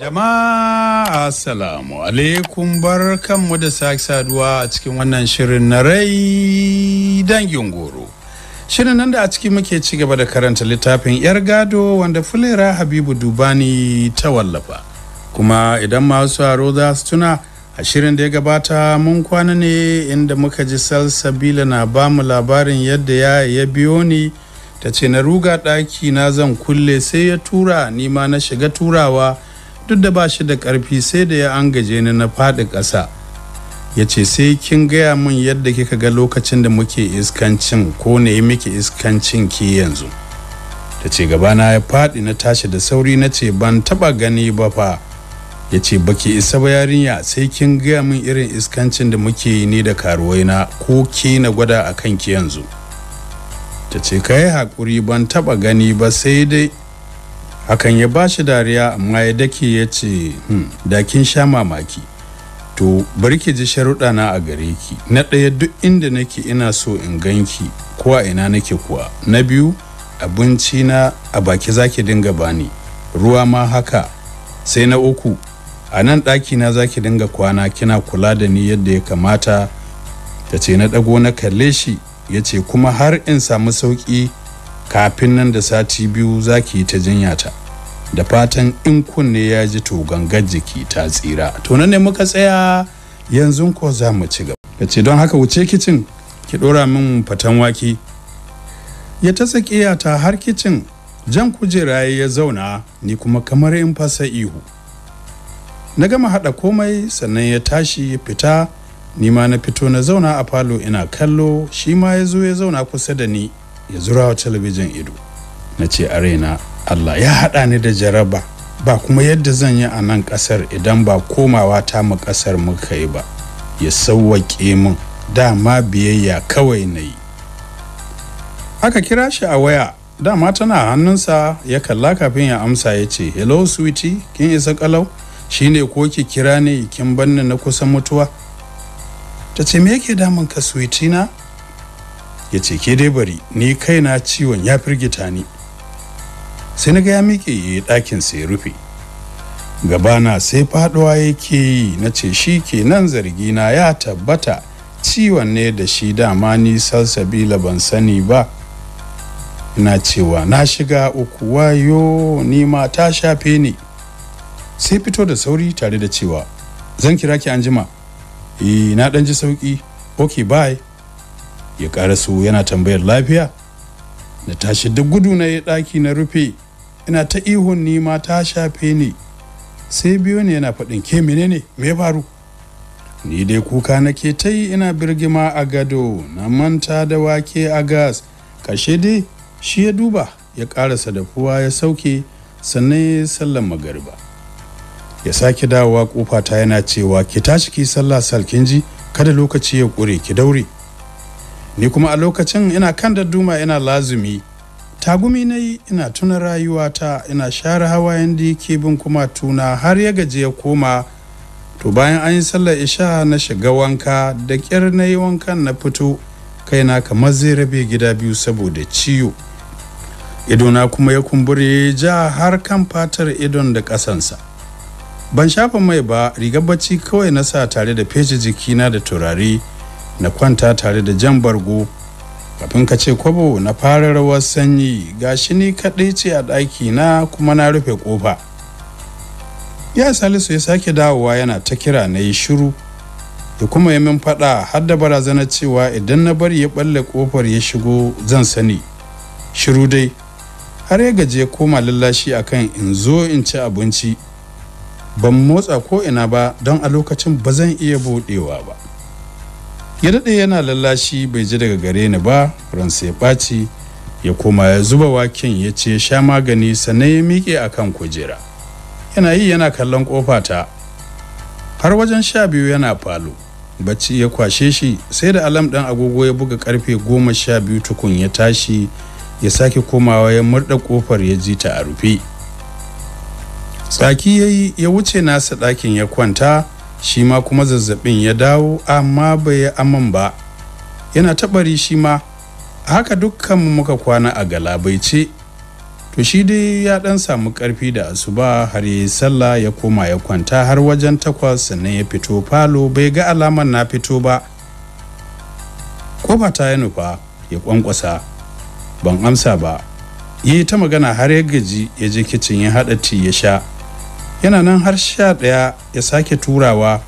Jama'a Assalamu alaikum bar kanmu da sake saduwa a cikin wannan shirin na rai dangin goro. Shirin nan da a ciki muke ci gaba da karanta littafin 'yar gado wanda fulera Habibu Dubani ta wallafa. Kuma idan masu aro za su tuna a shirin da ya gabata mun kwana ne inda muka ji salsabila na ba mu labarin yadda ya ya biyo ni ta ce na ruga ɗaki na zan kulle sai ya tura ni ma na shiga turawa. duk da ba shi da karfi sai da ya an gaje ni na faɗi ƙasa ya ce sai kin gaya min yadda kika ga lokacin da muke iskancin ko ne yi miki iskancin ki yanzu ta ce na ya faɗi na tashi da sauri na ce ban taɓa gani ba fa ya ce baki isa ba yarinya sai kin gaya min irin iskancin da muke yi ni da karuwai na ko ke na gwada a kanki yanzu ta ce ka yi haƙuri ban taba gani ba sai dai hakan ya ba shi dariya amma ya dake ya ce hmm, da sha mamaki to bari ki ji sharuɗa na a gare ki na ɗaya duk inda nake ina so in ganki ko a ina nake kuwa na biyu abinci na a baki zaki dinga bani ruwa ma haka sai na uku a nan ɗaki na zaki dinga kwana kina kula da ni yadda ya kamata ta ce na ɗago na kalle shi ya ce kuma har in samu sauƙi kafin nan da sati biyu zaki yi ta jinyata da fatan in kunne ya ji to gangar jiki ta tsira to nan ne muka tsaya yanzu ko za mu ci gaba Ya ce don haka wuce kicin ki dora min fatan wake ya ta tsakiya ta har kicin jan kujera ya zauna ni kuma kamar in fasa ihu na gama haɗa komai sannan ya tashi ya fita ni ma na fito na zauna a falo ina kallo shi ma ya zo ya zauna kusa da ni ya zura wa talabijin ido na ce a raina Allah ya haɗa ni da jaraba ba kuma yadda zan yi a nan ƙasar idan ba komawa ta mu ƙasar muka yi ba ya sauwaƙe min dama biyayya kawai na yi aka kira shi a waya dama tana hannunsa ya kalla kafin ya amsa ya ce hello sweetie kin isa kalau shine ko ki kira ne kin banni na kusan mutuwa ta ce me yake damun ka sweetie na ya ce ke dai bari ni kaina ciwon ya firgita ni sai na ga ya miƙe ɗakin sai rufe gabana sai faɗuwa yake yi na ce shi ke kenan na, ya tabbata ciwon ne da shi dama ni salsabila ban sani ba ina cewa na shiga uku wayo ni ma ta shafe ni sai fito da sauri tare da cewa zan kira ki anjima eh na dan ji sauki ok bye ya karasu yana tambayar lafiya na tashi duk gudu na yi ɗaki na rufe ina ta ihun nima ta shafe ni sai biyo ne yana faɗin ke menene me faru ni dai kuka nake ta yi ina birgima a gado na manta da wake a gas kashe dai shi ya duba ya ƙarasa da fuwa ya sauke sannan ya sallan magariba ya sake dawowa kofa ta yana cewa ki tashi ki sallah salkin ji kada lokaci ya ƙure ki daure ni kuma a lokacin ina kan da duma ina lazumi tagumi na yi ina tuna rayuwata ina share hawayen da yake bin kuma tuna har ya gaji ya koma to bayan an yi sallar isha na shiga wanka da ƙyar na yi wankan na fito kaina kamar zai rabe gida biyu saboda ciwo idona kuma ya kumbure ja har kan fatar idon da ƙasansa ban shafa mai ba rigar bacci kawai na sa tare da fece jikina da turare na kwanta tare da jan bargo kafin ka ce kwabo na fara rawar sanyi gashi ni kaɗai ce a ɗaki na kuma na rufe ƙofa ya salisu ya sake dawowa yana ta kira na yi shiru da kuma ya min faɗa har da barazana cewa idan na bari ya ɓalle ƙofar ya shigo zan sani shiru dai har ya gaje koma lallashi akan in zo in ci abinci ban motsa ko ina ba don a lokacin ba zan iya buɗewa ba ya daɗe yana lallashi bai ji daga gare ni ba ransa ya ɓaci ya koma ya zuba waken ya ce sha magani sannan ya miƙe a kan kujera yana yi yana kallon ƙofa ta har wajen sha biyu yana falo bacci ya kwashe shi sai da alam ɗan agogo ya buga karfe goma sha biyu tukun ya tashi ya sake komawa ya murda ƙofar ya ji ta a rufe tsaki ya yi ya wuce nasa ɗakin ya kwanta shima kuma zazzabin ya dawo amma bai aman ba yana taɓari shi ma haka dukkan muka kwana a galabaice to shi dai ya ɗan samu ƙarfi da asuba har ya yi sallah ya koma ya kwanta har wajen takwas sannan ya fito falo bai ga alamar na fito ba ko ba ta ya nufa ya kwankwasa ban amsa ba yi ta magana har ya gaji ya je kicin ya haɗa ci ya sha yana nan har sha ɗaya ya sake turawa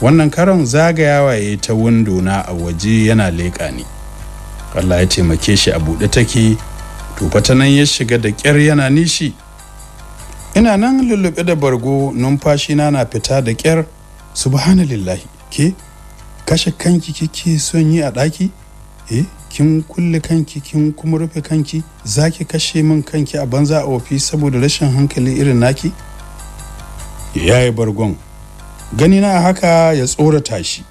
wannan karon zagayawa ya ta windo na a waje yana leƙa ni Allah ya taimake shi a buɗe take to nan ya shiga da kyar yana nishi ina nan lullube da bargo numfashi na na fita da ƙyar subhanallahi ke kashe kanki kike son yi a ɗaki eh kin kulle kanki kin kuma rufe kanki zaki kashe min kanki a banza a ofi saboda rashin hankali irin naki ya yi bargon gani na haka ya tsorata shi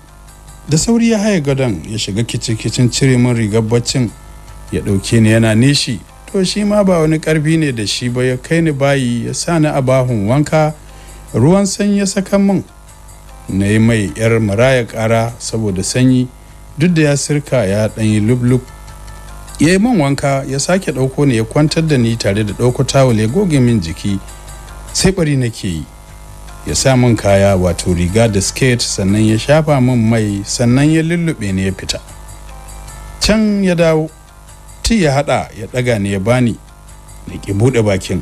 da sauri ya haye gadon ya shiga kicin cire min rigar baccin ya ɗauke ni yana neshi. to shi ma ba wani ƙarfi ne da shi ba ya kai ni bayi ya sa ni a bahun wanka ruwan sanyi ya saka min na yi mai yar maraya ƙara saboda sanyi duk da ya sirka ya ɗanyi lublub ya yi min wanka ya sake ɗauko ni ya kwantar da ni tare da ɗauko tawul goge min jiki sai ɓari nake yi ya sa min kaya wato riga da skate sannan ya shafa min mai sannan ya lullube ni ya fita can ya dawo ti ya hada ya daga ni ya bani na ki bude bakin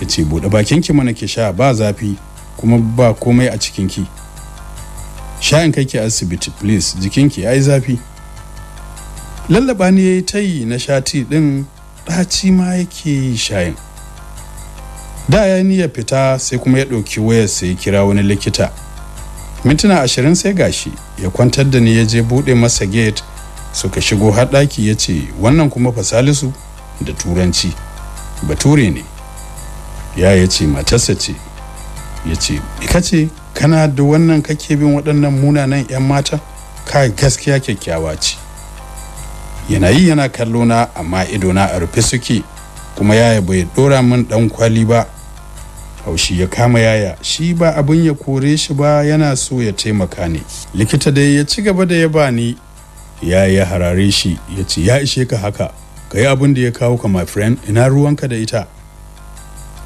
ya ce bude bakin ki mana ki sha ba zafi kuma ba komai a cikin ki shayin kai ki asibiti please ki yayi zafi lallaba ni yayi tayi na sha ti din ɗaci ma yake yi shayin da ya niya fita sai kuma ya ɗauki wayar sai kira wani likita mintuna ashirin sai gashi ya kwantar da ni ya je buɗe masa gate suka shigo haɗaki ya ce wannan kuma fasalisu da turanci bature ne ya ya ce matarsa ce ya ce ika ce kana da wannan kake bin waɗannan munanan 'yan mata ka gaskiya kyakkyawa ce yana yi yana kallo na amma idona a rufe suke kuma yaya bai dora min ɗan kwali ba haushi ya kama yaya shi ba abin ya kore shi ba yana so ya taimaka ne likita dai ya ci gaba da ya bani ya ya harare shi ya ce ya ishe ka haka ka yi abin da ya kawo ka my friend ina ruwanka da ita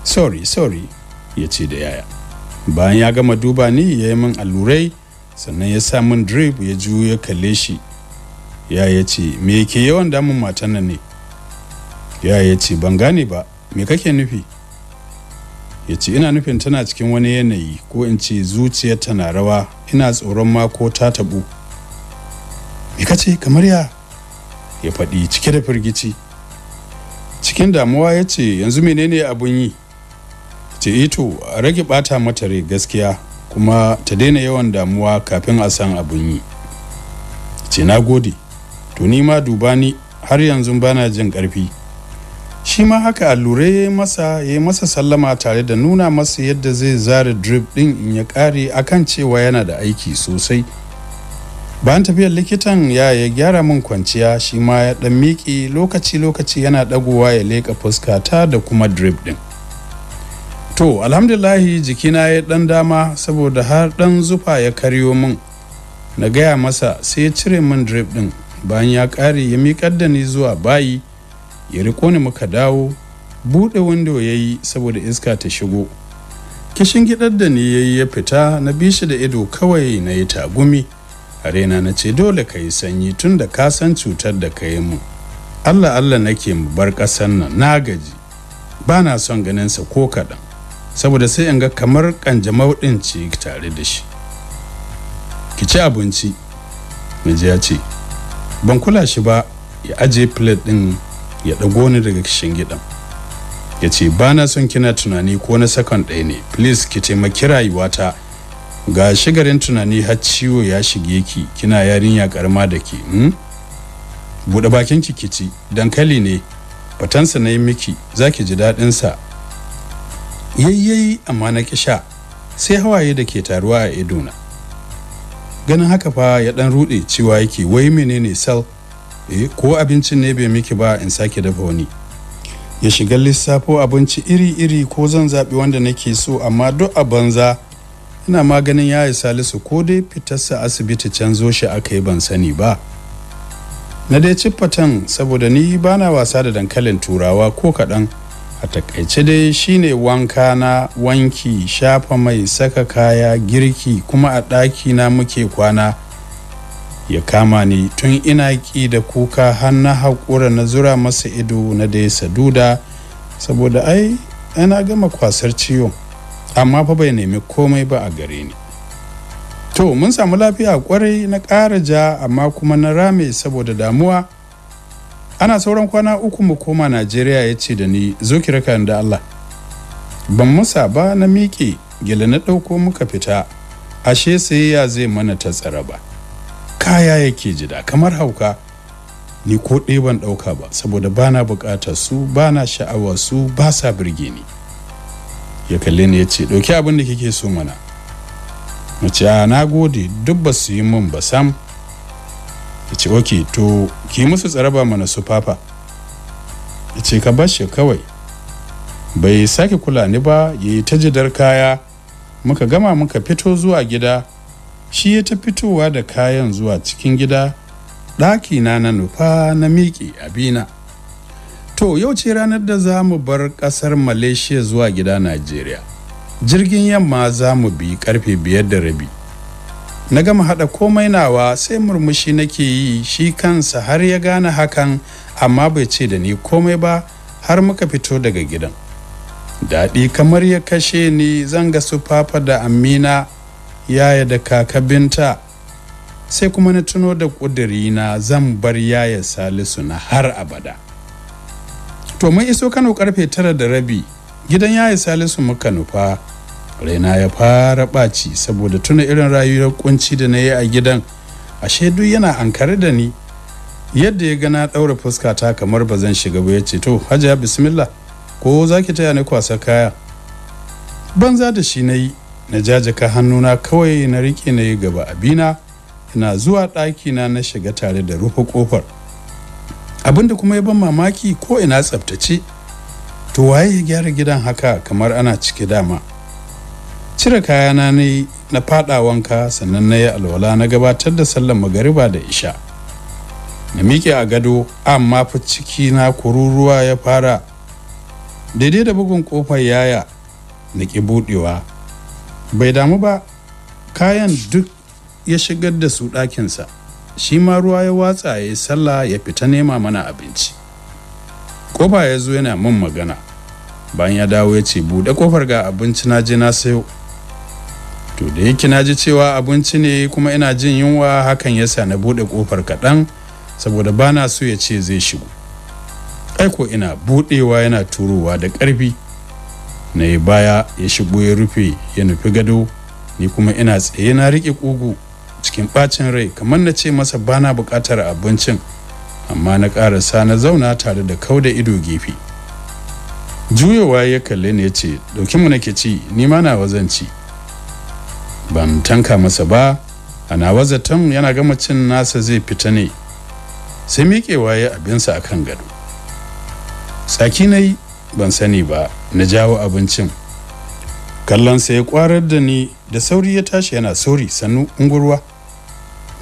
sorry sorry ya ce da yaya bayan ya gama duba ni ya yi min allurai sannan ya sa min drip ya juyo ya kalle shi ya ya ce me ke yawan damun matan nan ne ya ya ce ban gane ba me kake nufi ya ce ina nufin tana cikin wani yanayi ko in ce zuciyar na rawa ina tsoron mako ta tabu me kace kamar ya ya faɗi cike da firgici cikin damuwa ya ce yanzu menene abun yi ce ito eh a rage bata mata rai gaskiya kuma ta daina yawan damuwa kafin a san abun yi ce na gode to ni ma duba ni har yanzu bana jin ƙarfi shi ma haka Allure ya masa ya masa sallama tare da nuna masa yadda zai zare drip din in ya kare akan cewa yana da aiki sosai bayan tafiyar likitan ya ya gyara min kwanciya shi ma ya dan miƙe lokaci lokaci yana dagowa ya leƙa fuskata da kuma drip din to alhamdulahi jikina ya dan dama saboda har dan zufa ya karyo min na gaya masa sai ya cire min drip din bayan ya kare ya miƙar da ni zuwa bayi ya riko ni muka dawo buɗe wanda ya yi saboda iska ta shigo kishin gidan da ni yayi ya fita na bi shi da ido kawai na yi tagumi a raina na ce dole ka yi sanyi tun da ka san cutar da ka yi mu allah allah nake mu bar kasan nan na gaji ba na son ganin sa ko kaɗan saboda sai in ga kamar kanjamau ɗin ce tare da shi ki ci abinci miji ya ce ban kula shi ba ya aje plate ɗin ya ɗago ni daga gidan. ya ce ba na son kina tunani ko na sakon ɗaya ne please ki taimaki rayuwata ga shigarin tunani har ciwo ya shige ki kina yarinya karma da ki hmm? buɗe bakin ki kici dankali ne fatansa na yi miki za ki ji daɗinsa yayyayi amma na ki sha sai hawaye da ke taruwa a idona ganin haka fa ya ɗan ruɗe cewa yake wai menene sal eh ko abincin ne bai miki ba in sake dafa wani ya shiga lissafo abinci iri-iri ko zan zaɓi wanda nake so amma duk a banza ina maganin ya yi salisu ko dai fitarsa asibiti canzo shi aka yi ban sani ba na dai ciffatan saboda ni bana wasa da dankalin turawa ko kaɗan a takaice dai shine wanka na wanki shafa mai saka kaya girki kuma a ɗaki na muke kwana ya kama ni tun ina ki da kuka har na haƙura na zura masa ido na da ya saduda saboda ai ana gama kwasar ciwo amma fa bai nemi komai ba a gare ni to mun samu lafiya kwarai na ƙara ja amma kuma na rame saboda damuwa ana sauran kwana uku mu koma najeriya ya ce da ni zo ki raka da allah ban musa ba na miƙe gila na ɗauko muka fita ashe sai ya zai mana ta tsara ba kaya yake jida kamar hauka ni ko ɗaya ban ɗauka ba saboda ba na buƙatar su ba na sha'awar su ba sa birge ni ya kalle ni ya ce ɗauki abin da kike so mana mace a na gode duk ba su yi min ba sam ya ce ok to ki musu tsaraba mana su fafa ya ce ka bashi kawai bai sake kula ni ba ya yi ta jidar kaya muka gama muka fito zuwa gida shi ya ta fitowa da kayan zuwa cikin gida ɗakina na nufa na miƙe abina to yau ce ranar da za mu bar ƙasar malaysia zuwa gida najeriya jirgin yamma za mu bi karfe biyar da rabi na gama haɗa komai nawa sai murmushi nake yi shi kansa har ya gane hakan amma bai ce da ni komai ba har muka fito daga gidan daɗi kamar ya kashe ni zanga su fafa da amina yaya da kaka binta sai kuma na tuno da na zan bar yaya salisu na har abada to mun iso kano karfe tara da rabi gidan yaya salisu muka nufa raina ya fara ɓaci saboda tuna irin rayuwar kunci da na yi a gidan ashe duk yana ankare da ni yadda ya gana ɗaura ta kamar ba zan shiga ba ya ce to hajiya bismillah ko za ki taya ni kwasa kaya banza da shi na yi na jajaka hannuna kawai na riƙe na yi gaba abina ina zuwa ɗakina na shiga tare da rufe ƙofar abinda kuma ya ban mamaki ko ina tsaftace to waye ya gyara gidan haka kamar ana cike dama cire kayana ne na fada wanka sannan na yi alwala na gabatar da sallar magariba da isha na miƙe a gado amma fa ciki na kururuwa ya fara daidai da bugun kofar yaya na ki buɗewa bai damu ba kayan duk ya shigar da su ɗakinsa shi ma ruwa ya watsa ya sallah ya fita nema mana abinci ƙofa ya zo yana min magana bayan ya dawo ya ce buɗe ƙofar ga abinci na je na sayo to da yake na ji cewa abinci ne kuma ina jin yunwa hakan yasa na buɗe ƙofar kaɗan saboda ba na so ya ce zai shigo aiko ina buɗewa yana turowa da ƙarfi na yi baya ya shigo ya rufe ya nufi gado ni kuma ina tsaye na riƙe ƙugu cikin ɓacin rai kamar na ce masa bana buƙatar abincin amma na ƙarasa na zauna tare da kau da ido gefe juyowa ya kalle ni ya ce ɗauki mu nake ci ni ma na wazan ci ban tanka masa ba ana wazaton yana gama cin nasa zai fita ne sai miƙewa ya abinsa akan gado saki na yi ban sani ba na jawo abincin kallon kallonsa ya kwarar da ni da sauri ya tashi yana sauri sannu unguruwa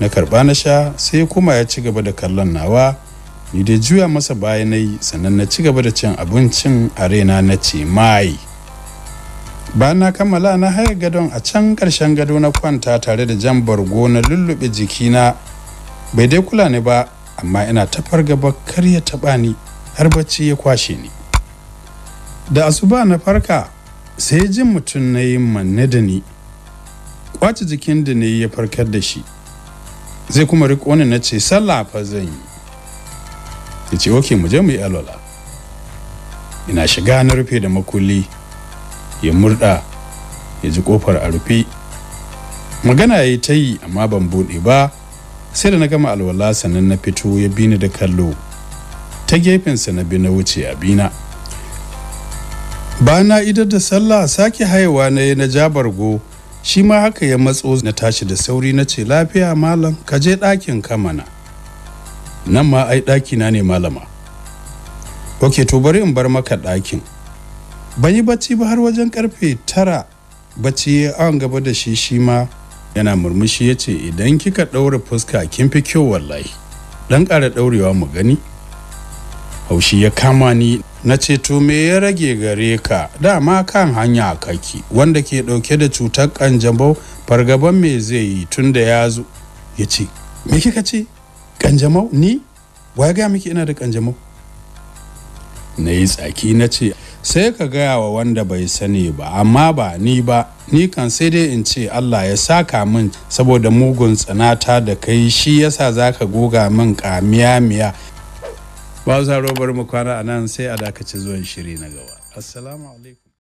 na karba na sha sai kuma ya ci gaba da kallon nawa ni da juya masa baya na yi sannan na ci gaba da cin abincin a raina na ce mai ba na kammala na haya gadon a can ƙarshen gado na kwanta tare da jan bargo na lullube na bai dai kula ni ba amma ina tafar gaba kar ya taba ni har bacci ya kwashe ni da asuba na farka sai jin mutum na yi manne da ni kwaci jikin da ne ya farkar da shi zai kuma riko ne na ce sallah fa zan yi ya ce oke mu je mu yi alwala ina shiga na rufe da makulli ya murda ya ji kofar a rufe magana ya yi ta yi amma ban buɗe ba sai da na gama alwala sannan na fito ya bini da kallo ta gefensa na bi na wuce a bina bana idar da sallah sake haihuwa na na ja bargo shi ma haka ya matso na tashi da sauri na ce lafiya malam ka je ɗakin kamana nan ma ai na ne malama ok to bari in bar maka ɗakin ban yi bacci ba har wajen karfe tara bacci ya an gaba da shi shi ma yana murmushi ya ce idan kika ɗaura fuska kin fi kyau wallahi ɗan ƙara ɗaurewa mu gani haushi ya kama ni na ce to me ya rage gare ka dama kan hanya kake wanda ke dauke da cutar kanjamau fargaban me zai yi tun da ya zo ya ce me kika ce kanjamau ni waya gaya miki ina da kanjamau na yi tsaki na ce sai ka gaya wa wanda bai sani ba amma ba ni ba ni kan sai dai in ce allah ya saka min saboda mugun tsanata da kai shi yasa za ka goga min kamiya miya ba za robar mu kwana a nan sai a dakaci zuwan shiri na gaba assalamu alaikum